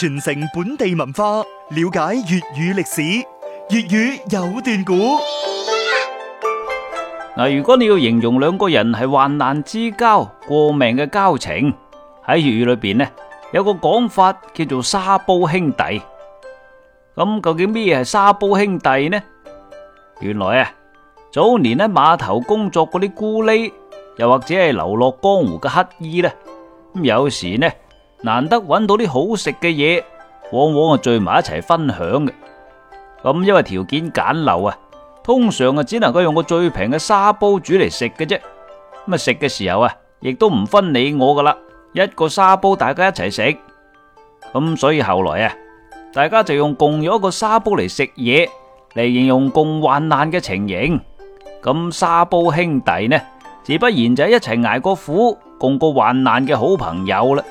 傳承本地文化，了解粵語歷史，粵語有段古。嗱，如果你要形容兩個人係患難之交、過命嘅交情，喺粵語裏邊咧，有個講法叫做沙煲兄弟。咁究竟咩係沙煲兄弟呢？原來啊，早年喺碼頭工作嗰啲咕喱，又或者係流落江湖嘅乞兒呢，咁有時呢。難得揾到啲好食嘅嘢，往往係聚埋一齊分享嘅。咁因為條件簡陋啊，通常啊只能夠用個最平嘅沙煲煮嚟食嘅啫。咁食嘅時候啊，亦都唔分你我噶啦，一個沙煲大家一齊食。咁所以後來啊，大家就用共有一個沙煲嚟食嘢嚟形容共患難嘅情形。咁沙煲兄弟呢，自不然就係一齊挨過苦、共過患難嘅好朋友啦。